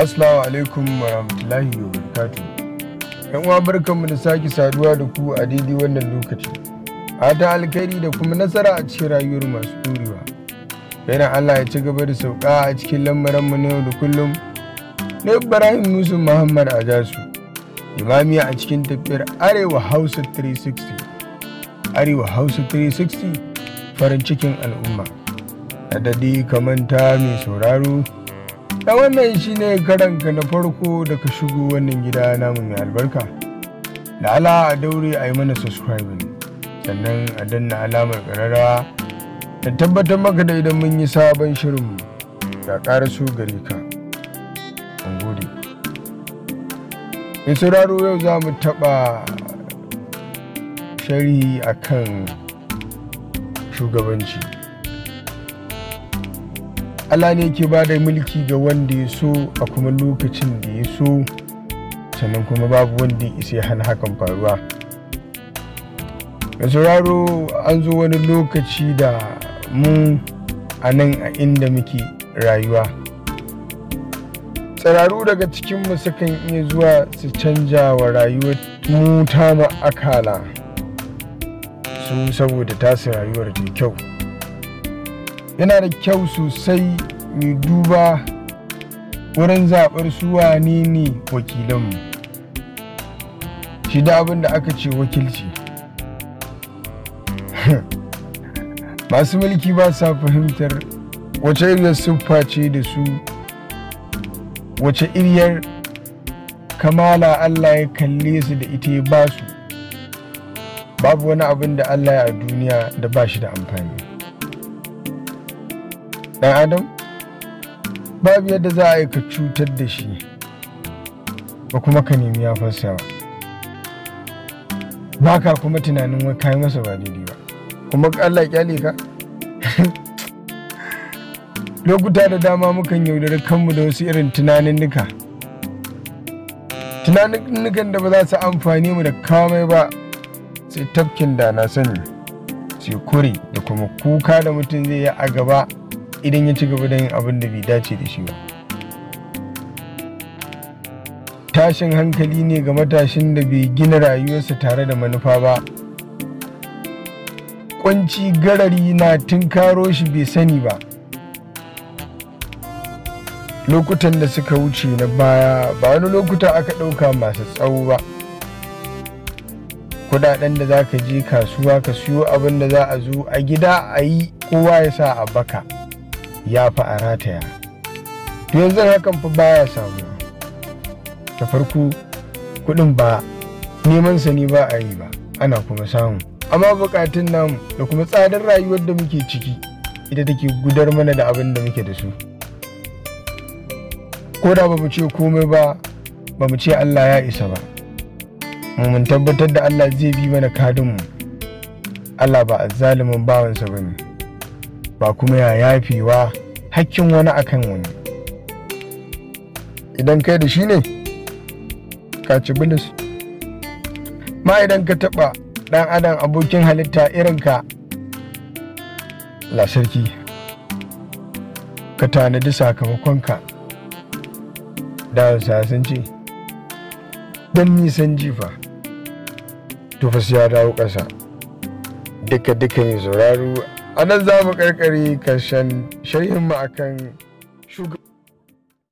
Assalamu alaikum warahmatullahi wabarakatuh. Yan uwa barkanmu da sake saduwa da ku a daidai wannan lokaci. ata alkhairi da kuma nasara a cikin rayuwar masu ɗorewa. Yana Allah ya ci gaba da sauka a cikin mu na yau da kullum. Na Ibrahim Musa Muhammad Ajasu. Imami a cikin tafiyar Arewa Hausa 360. Arewa Hausa 360 farin cikin al'umma. Adadi kamanta mai sauraro da wannan ne karanka na farko da ka shigo wannan gida namu mai albarka da ala a daure a yi mana subscribing sannan a danna alamar kararrawa da tabbatar maka da idan mun yi sabon shirinmu ga ƙara su gare ka an gode in sauraro yau za mu taɓa sharhi kan shugabanci Allah ne yake ba da mulki ga wanda ya so a kuma lokacin da ya so sannan kuma babu wanda ya isa hana hakan faruwa da sauraro an zo wani lokaci da mu a nan a inda muke rayuwa tsiraru daga cikinmu sukan iya zuwa su canja wa rayuwar mu ta akala su saboda tasirin rayuwar mai kyau yana da kyau sosai mai duba wurin zaɓar su wane ne wakilanmu shi da abin da aka ce wakilci masu mulki ba sa fahimtar wace iriyar siffa ce da su wace iriyar kamala allah ya kalle su da ita ya ba su babu wani abin da allah ya a duniya da ba shi da amfani ɗan adam babu yadda za a yi ka cutar da shi ba kuma ka nemi ya fasa ba ka kuma tunanin wai kayi masa ba daidai ba kuma Allah kyale ka lokuta da dama mukan yaudari kanmu da wasu irin tunanin Tunanin tunaninnikan da ba za su amfani mu da kamai ba sai tafkin da na sani sai kure da kuma kuka da mutum zai yi a gaba idan ya ci gaba da yin abin da bai dace da shi ba tashin hankali ne ga matashin da bai gina rayuwarsa tare da manufa ba kwanci garari na tunkaro shi bai sani ba lokutan da suka wuce na baya ba wani lokuta aka ɗauka masu tsawo ba kudaden da za ka je kasuwa ka siyo abin da za a zo a gida a yi kowa ya sa a baka ya fi a rataya to yanzu hakan fa baya samu ta farko kuɗin ba neman sa ne ba a yi ba ana kuma samu amma bukatun namu da kuma tsadar rayuwar da muke ciki ita take gudar mana da abin da muke da su ko da ba mu ce komai ba ba mu ce allah ya isa ba mun tabbatar da allah zai bi mana kadinmu allah ba a zalimin bawansa ba ne ba kuma ya yafewa hakkin wani akan wani idan kai da shi ne ka ci bilis ma idan ka taɓa ɗan adam abokin halitta irin irinka sarki. ka tanadi sakamakonka da sun ce don nisan jifa tufas ya dawo ƙasa duka-duka ne sauraro a nan za mu karkari karshen sharhin mu akan